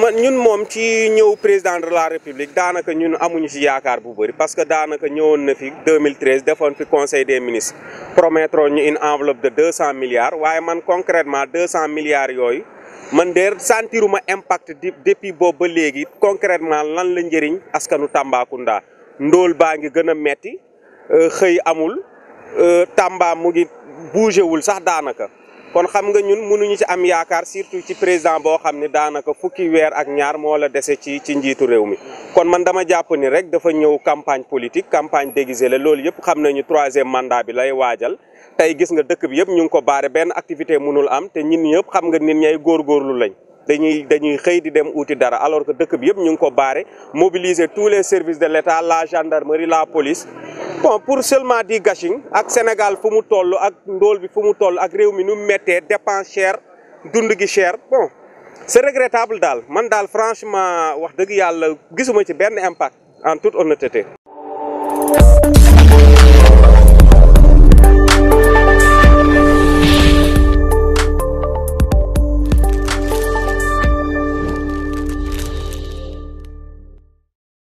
ma ñun moom ci ñëw président de la république daanaka ñun amuñu ci yaakaar bu bëri parce que daanaka ñëwoon na fi 2013 defoon fi conseil des ministres promettre ñu une enveloppe de 200 milliards waaye man concrètement 200 milliards yooyu man de sentiruma impact depuis boobu ba léegi concrètement lan la njëriñ askanu Tambacounda ndool baa ngi gën a metti euh, xëy amul euh, Tamba mu ngi bougé wul sax daanaka. kon xam nga ñun mënu ñu ci am yaakar surtout ci président bo xamni ne daanaka fukki wër ak ñaar mo la déssé ci ci njitu réew mi kon man dama japp ni rek dafa ñëw campagne politique campagne déguisée la lool yëpp xam nañu 3e mandat bi lay wajal tay gis nga dëkk bi yëpp ñu ngi ko baré ben activité mënul am té ñin ñëpp xam nga nit ñay gor gor lu lañ dañuy dañuy xey di dem outil dara alors que dëkk bi yëpp ñu ngi ko baré mobiliser tous les services de l'état la gendarmerie la police bon pour seulement di gashing ak Sénégal fu mu toll ak ndóol bi fu mu toll ak réew mi nu mu méttee dépense cher dund gi cher bon c' est regrettable daal man daal franchement wax dëgg yàlla gisuma ci benn impact en toute honnêteté.